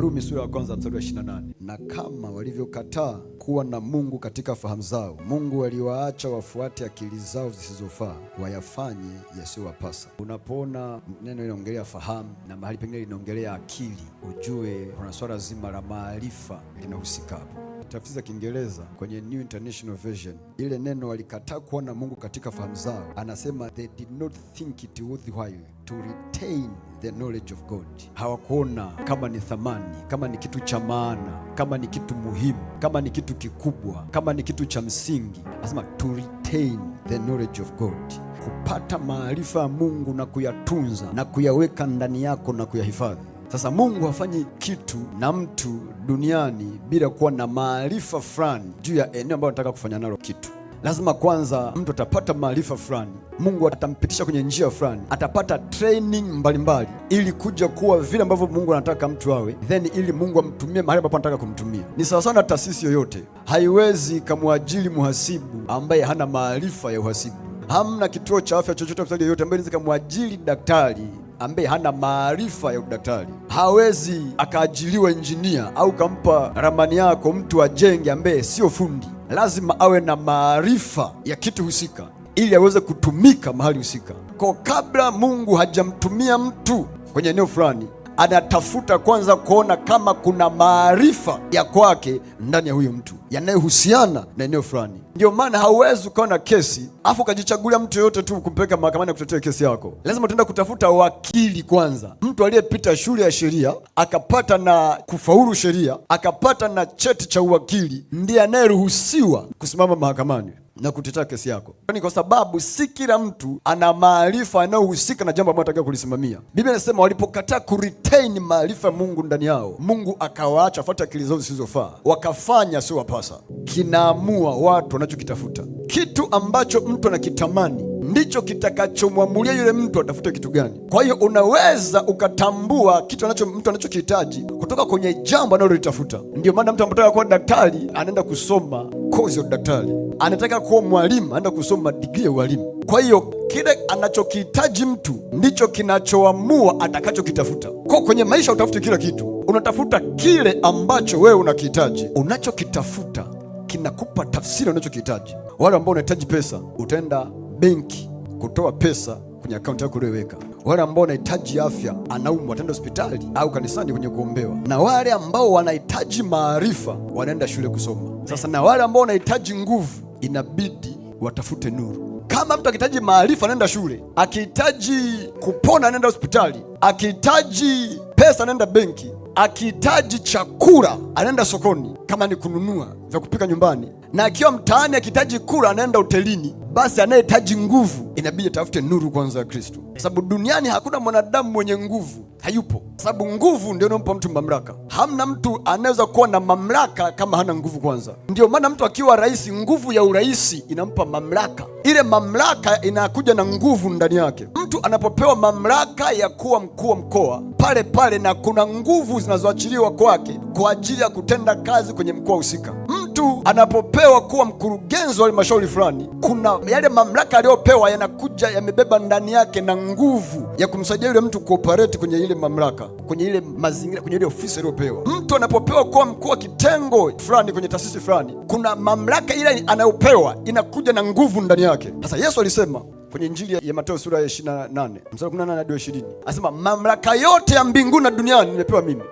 Warumi sura ya kwanza mstari wa 28. Na kama walivyokataa kuwa na Mungu katika fahamu zao, Mungu aliwaacha wafuate akili zao zisizofaa, wayafanye yasiyowapasa. Unapoona neno linaongelea fahamu na mahali pengine linaongelea akili, ujue kuna swala zima la maarifa linahusika hapo tafsiri za Kiingereza kwenye New International Version, ile neno walikataa kuona Mungu katika fahamu zao, anasema they did not think it worthwhile to retain the knowledge of God. Hawakuona kama ni thamani, kama ni kitu cha maana, kama ni kitu muhimu, kama ni kitu kikubwa, kama ni kitu cha msingi. Anasema to retain the knowledge of God kupata maarifa ya Mungu na kuyatunza na kuyaweka ndani yako na kuyahifadhi. Sasa Mungu hafanyi kitu na mtu duniani bila kuwa na maarifa fulani juu ya eneo ambalo anataka kufanya nalo kitu. Lazima kwanza mtu atapata maarifa fulani, Mungu atampitisha kwenye njia fulani, atapata training mbalimbali ili kuja kuwa vile ambavyo Mungu anataka mtu awe, then ili Mungu amtumie mahali ambapo anataka kumtumia. Ni sawa sana taasisi yoyote, haiwezi ikamwajiri muhasibu ambaye hana maarifa ya uhasibu. Hamna kituo cha afya chochote, hospitali yoyote ambaye inaweza kamwajili daktari ambaye hana maarifa ya udaktari. Hawezi akaajiliwa injinia au kampa ramani yako mtu ajenge ambaye sio fundi. Lazima awe na maarifa ya kitu husika ili aweze kutumika mahali husika. Kwa kabla Mungu hajamtumia mtu kwenye eneo fulani anatafuta kwanza kuona kama kuna maarifa ya kwake ndani ya huyu mtu yanayohusiana na eneo fulani. Ndio maana hauwezi ukawa na kesi afu ukajichagulia mtu yoyote tu kumpeleka mahakamani akutetea kesi yako. Lazima tuenda kutafuta wakili kwanza, mtu aliyepita shule ya sheria akapata na kufaulu sheria akapata na cheti cha uwakili, ndiye anayeruhusiwa kusimama mahakamani na kutetea kesi yako, ni kwa sababu si kila mtu ana maarifa yanayohusika na jambo ambalo anatakiwa kulisimamia. Biblia inasema walipokataa kuretain maarifa ya Mungu ndani yao, Mungu akawaacha fuata akili zao zisizofaa, wakafanya sio wapasa. Kinaamua watu wanachokitafuta. Kitu ambacho mtu anakitamani ndicho kitakachomwamulia yule mtu atafute kitu gani. Kwa hiyo unaweza ukatambua kitu anacho mtu anachokihitaji kutoka kwenye jambo analolitafuta. Ndio maana mtu anapotaka kuwa daktari anaenda kusoma kozi ya udaktari, anataka kuwa mwalimu, anaenda kusoma digrii ya ualimu. Kwa hiyo kile anachokihitaji mtu ndicho kinachoamua atakachokitafuta. Kwa kwenye maisha utafuti kila kitu, unatafuta kile ambacho wewe unakihitaji. Unachokitafuta kinakupa tafsiri unachokihitaji. Wale ambao unahitaji pesa, utaenda benki kutoa pesa kwenye akaunti yako ulioweka. Wale ambao wanahitaji afya, anaumwa, ataenda hospitali au kanisani kwenye kuombewa, na wale ambao wanahitaji maarifa, wanaenda shule kusoma. Sasa na wale ambao wanahitaji nguvu, inabidi watafute nuru. Kama mtu akihitaji maarifa, anaenda shule, akihitaji kupona, anaenda hospitali, akihitaji pesa, anaenda benki, akihitaji chakula, anaenda sokoni, kama ni kununua vya kupika nyumbani na akiwa mtaani akihitaji kura anaenda hotelini, basi anayehitaji nguvu inabidi atafute nuru kwanza ya Kristo, kwa sababu duniani hakuna mwanadamu mwenye nguvu, hayupo. Sababu nguvu ndio inampa mtu mamlaka. Hamna mtu anaweza kuwa na mamlaka kama hana nguvu kwanza. Ndio maana mtu akiwa rais, nguvu ya urais inampa mamlaka. Ile mamlaka inakuja na nguvu ndani yake. Mtu anapopewa mamlaka ya kuwa mkuu wa mkoa pale pale, na kuna nguvu zinazoachiliwa kwake kwa ajili ya kutenda kazi kwenye mkoa husika mtu anapopewa kuwa mkurugenzi wa halmashauri fulani, kuna yale mamlaka aliyopewa yanakuja yamebeba ndani yake na nguvu ya kumsaidia yule mtu kuoperate kwenye ile mamlaka, kwenye ile mazingira, kwenye ile ofisi aliyopewa. Mtu anapopewa kuwa mkuu wa kitengo fulani kwenye taasisi fulani, kuna mamlaka ile anayopewa inakuja na nguvu ndani yake. Sasa Yesu alisema kwenye Injili ya mateo sura ya 28 mstari 18 hadi 20, mamlaka yote ya mbinguni na duniani nimepewa mimi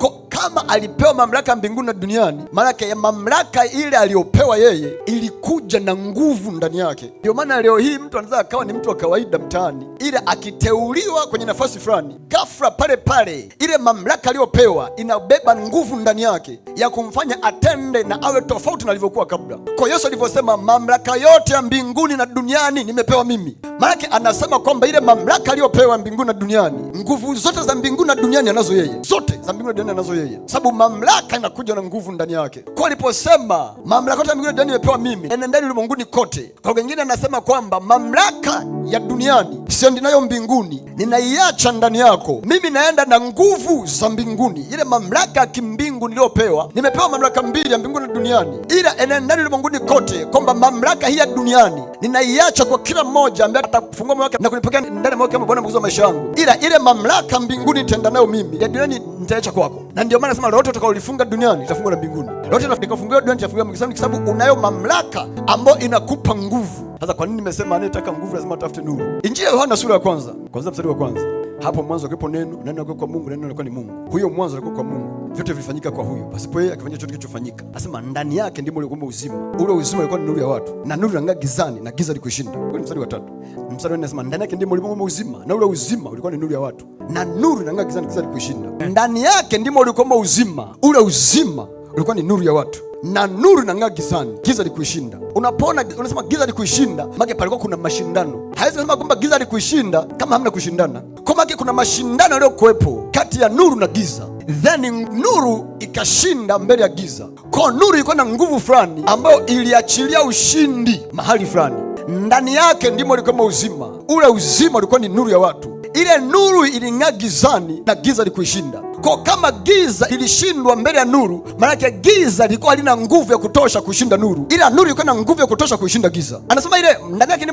kama alipewa mamlaka mbinguni na duniani, maanake mamlaka ile aliyopewa yeye ilikuja na nguvu ndani yake. Ndio maana leo hii mtu anaweza akawa ni mtu wa kawaida mtaani, ila akiteuliwa kwenye nafasi fulani, ghafla pale pale ile mamlaka aliyopewa inabeba nguvu ndani yake ya kumfanya atende na awe tofauti na alivyokuwa kabla. Kwa Yesu alivyosema, mamlaka yote ya mbinguni na duniani nimepewa mimi, maanake anasema kwamba ile mamlaka aliyopewa mbinguni na duniani, nguvu zote za mbinguni na duniani anazo yeye, zote za mbinguni na duniani anazo yeye mbinguni, sababu mamlaka inakuja na nguvu ndani yake. Kwa aliposema mamlaka yote ya mbinguni duniani imepewa mimi, enendeni ulimwenguni kote. Kwa wengine anasema kwamba mamlaka ya duniani sio ndinayo mbinguni, ninaiacha ndani yako. Mimi naenda na nguvu za mbinguni, ile mamlaka ya kimbingu niliyopewa. Nimepewa mamlaka mbili ya mbinguni na duniani, ila enendeni ulimwenguni kote, kwamba mamlaka hii ya duniani ninaiacha kwa kila mmoja ambaye atafungua moyo wake na kunipokea ndani ya moyo wake Bwana wa maisha yangu, ila ile mamlaka mbinguni nitaenda nayo mimi, ya duniani nitaiacha kwako na ndio maana nasema lolote utakalolifunga duniani litafungwa na mbinguni, lolote utakafungiwa duniani litafungiwa mbinguni, kwa sababu unayo mamlaka ambayo inakupa nguvu. Sasa kwa nini nimesema anayetaka nguvu lazima atafute nuru? Injili ya Yohana sura ya kwanza, kwanza mstari wa kwanza hapo mwanzo alikuwepo neno, neno alikuwa kwa Mungu, neno alikuwa ni Mungu. Huyo mwanzo alikuwa kwa Mungu, vyote vilifanyika kwa huyo, pasipo yeye akifanya chochote kilichofanyika. Anasema ndani yake ndimo uliokuwa uzima, ule uzima ulikuwa ni nuru ya watu, na nuru ilang'aa gizani na giza likuishinda. Ule mstari wa tatu, mstari wa nne anasema ndani yake ndimo uliokuwa uzima, na ule uzima ulikuwa ni nuru ya watu, na nuru ilang'aa gizani, giza likuishinda. Ndani yake ndimo uliokuwa uzima, ule uzima ulikuwa ni nuru ya watu na nuru inang'aa gizani, giza likuishinda. Unapoona unasema giza likuishinda, make palikuwa kuna mashindano. Hawezi kusema kwamba giza likuishinda kama hamna kushindana, kwa make kuna mashindano yaliyokuwepo kati ya nuru na giza, then nuru ikashinda mbele ya giza. Kwa nuru ilikuwa na nguvu fulani ambayo iliachilia ushindi mahali fulani, ndani yake ndimo ulikuwa uzima. Ule uzima ulikuwa ni nuru ya watu, ile nuru iling'aa gizani na giza likuishinda. Kwa kama giza lilishindwa mbele ya nuru, maanake giza lilikuwa halina nguvu ya kutosha kushinda nuru, ila nuru ilikuwa na nguvu ya kutosha kuishinda giza. Anasema ile ndani yake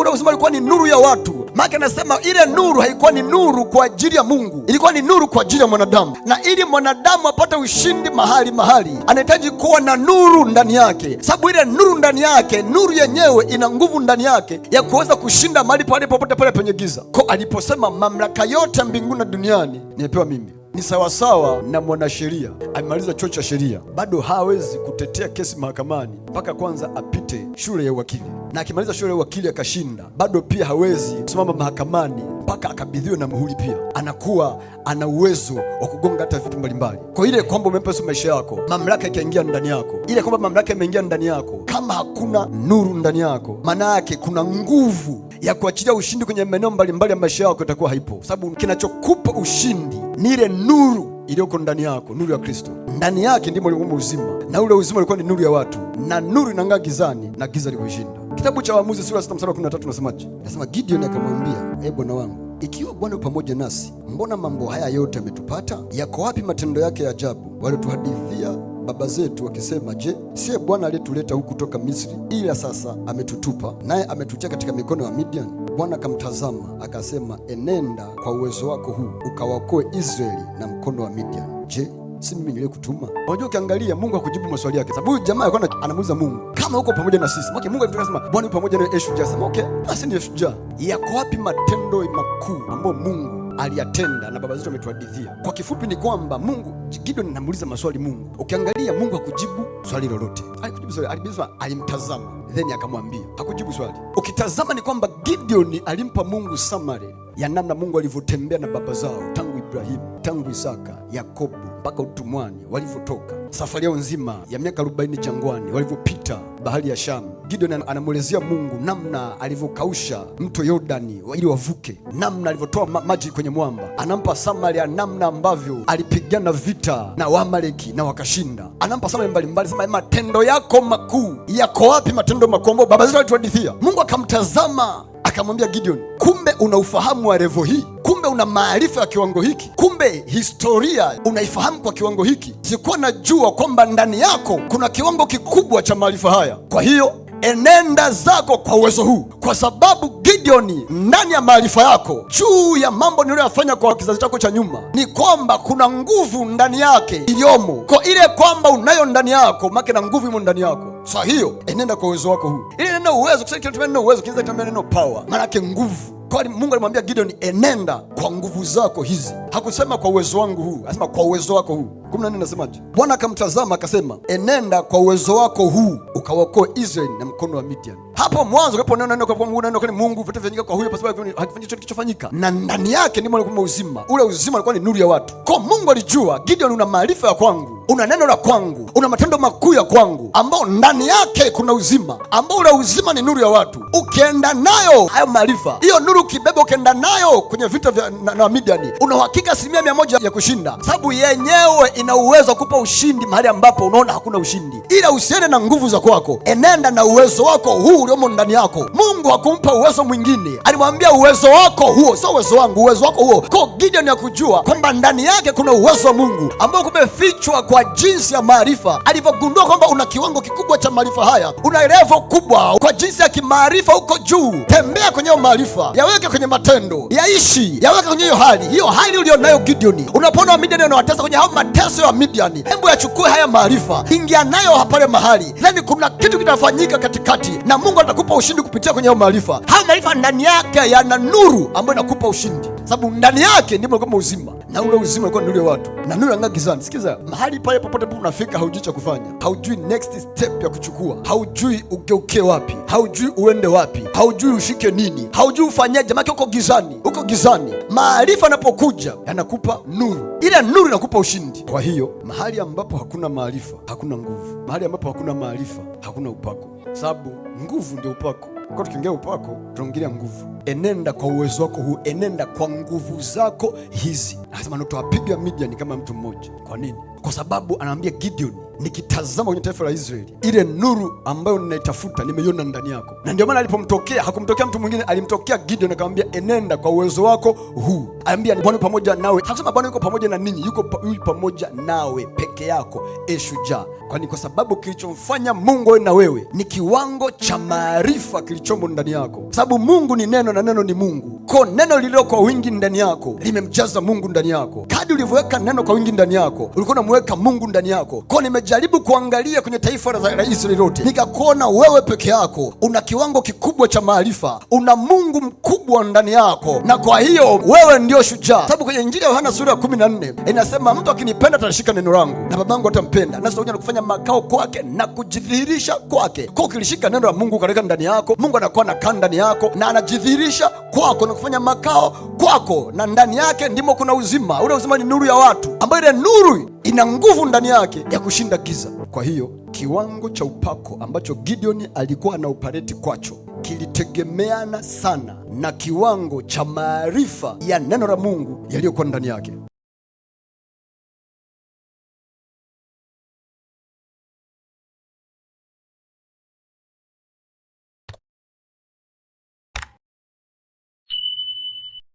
ule uzima ulikuwa ni nuru ya watu, maanake anasema ile nuru haikuwa ni nuru kwa ajili ya Mungu, ilikuwa ni nuru kwa ajili ya mwanadamu. Na ili mwanadamu apate ushindi mahali mahali, anahitaji kuwa na nuru ndani yake, sababu ile nuru ndani yake, nuru yenyewe ina nguvu ndani yake ya kuweza kushinda mahali pale popote pale penye giza, ko aliposema mamlaka yote ya mbinguni na duniani nimepewa mimi ni sawasawa na mwanasheria amemaliza chuo cha sheria, bado hawezi kutetea kesi mahakamani mpaka kwanza apite shule ya uwakili, na akimaliza shule ya uwakili akashinda, bado pia hawezi kusimama mahakamani mpaka akabidhiwe na muhuri. Pia anakuwa ana uwezo wa kugonga hata vitu mbalimbali. Kwa ile kwamba umepesa maisha yako, mamlaka ikaingia ndani yako, ile kwamba mamlaka imeingia ndani yako, kama hakuna nuru ndani yako, maana yake kuna nguvu ya kuachilia ushindi kwenye maeneo mbalimbali ya maisha yako itakuwa haipo, sababu kinachokupa ushindi ni ile nuru iliyoko ndani yako, nuru ya Kristo. Ndani yake ndimo uliomo uzima, na ule uzima ulikuwa ni nuru ya watu, na nuru inang'aa gizani na giza likushinda Kitabu cha Waamuzi sura ya sita mstari wa Nasema Gideon akamwambia, e bwana wangu, ikiwa Bwana pamoja nasi, mbona mambo haya yote yametupata? Yako wapi matendo yake ya ajabu waliotuhadithia baba zetu wakisema, Je, siye Bwana aliyetuleta huku toka Misri? Ila sasa ametutupa, naye ametutia katika mikono ya Midian. Bwana akamtazama akasema, enenda kwa uwezo wako huu ukawaokoe Israeli na mkono wa Midian. Je, si mimi niliyekutuma? Unajua, ukiangalia Mungu hakujibu maswali yake, sababu huyu jamaa alikuwa anamuuliza Mungu kama uko pamoja na sisi. Okay, Mungu alimtaka sema, Bwana yupo pamoja nawe, shujaa. Sema okay, basi ndiye shujaa. Yako wapi matendo makuu ambayo Mungu aliyatenda na baba zetu wametuhadithia. Kwa kifupi ni kwamba Mungu Gideon anamuuliza maswali Mungu. Ukiangalia Mungu hakujibu swali lolote, alikujibu swali, alimtazama then akamwambia. Hakujibu swali. Ukitazama ni kwamba Gideoni alimpa Mungu samari ya namna Mungu alivyotembea na baba zao tangu Ibrahimu, tangu Isaka, Yakobo mpaka utumwani walivyotoka, safari yao nzima ya miaka 40 jangwani, walivyopita bahari ya Shamu. Gideon anamwelezea Mungu namna alivyokausha mto Yordani ili wavuke, namna alivyotoa ma maji kwenye mwamba. Anampa samari ya namna ambavyo alipigana vita na Waamaleki na wakashinda. Anampa samari mbalimbali, sema matendo yako makuu. Yako wapi matendo makuu ambayo baba zetu walituhadithia? Mungu akamtazama akamwambia Gideon, kumbe una ufahamu wa revo hii kumbe una maarifa ya kiwango hiki, kumbe historia unaifahamu kwa kiwango hiki. Sikuwa najua kwamba ndani yako kuna kiwango kikubwa cha maarifa haya. Kwa hiyo enenda zako kwa uwezo huu, kwa sababu Gideoni, ndani ya maarifa yako juu ya mambo niliyoyafanya kwa kizazi chako cha nyuma, ni kwamba kuna nguvu ndani yake iliyomo, kwa ile kwamba unayo ndani yako, make na nguvu imo ndani yako. Sa hiyo enenda kwa uwezo wako huu, ili neno uwezo, neno uwezo, kinaweza kutambia neno power, maanake nguvu kwani Mungu alimwambia Gideon, enenda kwa nguvu zako hizi. Hakusema kwa uwezo wangu huu, anasema kwa uwezo wako huu. kumi na nne nasemaje? Bwana akamtazama akasema, enenda kwa uwezo wako huu ukawaokoe Israeli na mkono wa Midian hapo mwanzo kapo neno neno kwa Mungu neno kwa Mungu vitu vinafanyika kwa huyo pasipo hakifanyi chochote kilichofanyika, na ndani yake ndimo alikuwa uzima. Ule uzima ulikuwa ni nuru ya watu. Kwa Mungu alijua Gideon, una maarifa ya kwangu, una neno la kwangu, una matendo makuu ya kwangu, ambao ndani yake kuna uzima, ambao ule uzima ni nuru ya watu. Ukienda nayo hayo maarifa, hiyo nuru ukibeba, ukienda nayo kwenye vita vya na, na Midiani, una uhakika asilimia mia moja ya kushinda, sababu yenyewe ina uwezo wa kupa ushindi mahali ambapo unaona hakuna ushindi. Ila usiende na nguvu za kwako, enenda na uwezo wako huu uliomo ndani yako. Mungu hakumpa uwezo mwingine, alimwambia uwezo wako huo, sio uwezo wangu, uwezo wako huo. Kwa Gideon ya kujua kwamba ndani yake kuna uwezo wa Mungu ambao kumefichwa kwa jinsi ya maarifa. Alivyogundua kwamba una kiwango kikubwa cha maarifa haya, una levo kubwa kwa jinsi ya kimaarifa huko juu, tembea kwenye hiyo maarifa, yaweke kwenye matendo, yaishi, yaweke kwenye hiyo hali, hiyo hali ulionayo Gideoni. Unapona Midiani anawatesa kwenye hayo mateso ya Midiani, hebu yachukue haya maarifa, ingia nayo hapale mahali, yani kuna kitu kitafanyika katikati na Mungu Mungu atakupa ushindi kupitia kwenye hayo maarifa. Hayo maarifa ndani yake yana nuru ambayo inakupa ushindi sababu ndani yake ndimo kama uzima, na ule uzima ulikuwa ndio watu na nuru anga gizani. Sikiza, mahali pale popote po unafika, haujui cha kufanya, haujui next step ya kuchukua, haujui ugeuke wapi, haujui uende wapi, haujui ushike nini, haujui ufanyaje, Jamaa yako gizani, uko gizani. Maarifa yanapokuja yanakupa nuru, ile nuru inakupa ushindi. Kwa hiyo mahali ambapo hakuna maarifa hakuna nguvu, mahali ambapo hakuna maarifa hakuna upako, sababu nguvu ndio upako. Kwa tukiongea upako tunaongelea nguvu. Enenda kwa uwezo wako huu, enenda kwa nguvu zako hizi. Anasema tuwapiga Midiani kama mtu mmoja. Kwa nini? Kwa sababu anaambia Gideon nikitazama kwenye taifa la Israeli, ile nuru ambayo ninaitafuta nimeiona ndani yako. Na ndio maana alipomtokea hakumtokea mtu mwingine, alimtokea Gideon akamwambia, enenda kwa uwezo wako huu. Aliambia Bwana pamoja nawe, hasema Bwana yuko pamoja na ninyi, yuko pa, yu pamoja nawe peke yako, e shujaa. Kwani kwa sababu kilichomfanya Mungu awe na wewe ni kiwango cha maarifa kilichomo ndani yako, sababu Mungu ni neno na neno ni Mungu. Ko neno lililo kwa wingi ndani yako limemjaza Mungu ndani yako. Kadi ulivyoweka neno kwa wingi ndani yako, ulikuwa unamweka Mungu ndani yako. Ko nimeja Jaribu kuangalia kwenye taifa la Israeli lolote, nikakuona wewe peke yako una kiwango kikubwa cha maarifa, una Mungu mkubwa ndani yako, na kwa hiyo wewe ndio shujaa, sababu kwenye Injili ya Yohana sura ya kumi na nne inasema mtu akinipenda atalishika neno langu na Babangu atampenda na sasa kufanya makao kwake na kujidhihirisha kwake. Kwa ukilishika neno la Mungu ukaliweka ndani yako, Mungu anakuwa anakaa ndani yako na anajidhihirisha kwako na kufanya makao kwako, na ndani yake ndimo kuna uzima. Ule uzima ni nuru ya watu, ambayo ile nuru ina nguvu ndani yake ya kushinda giza. Kwa hiyo kiwango cha upako ambacho Gideon alikuwa na upareti kwacho kilitegemeana sana na kiwango cha maarifa ya neno la Mungu yaliyokuwa ndani yake.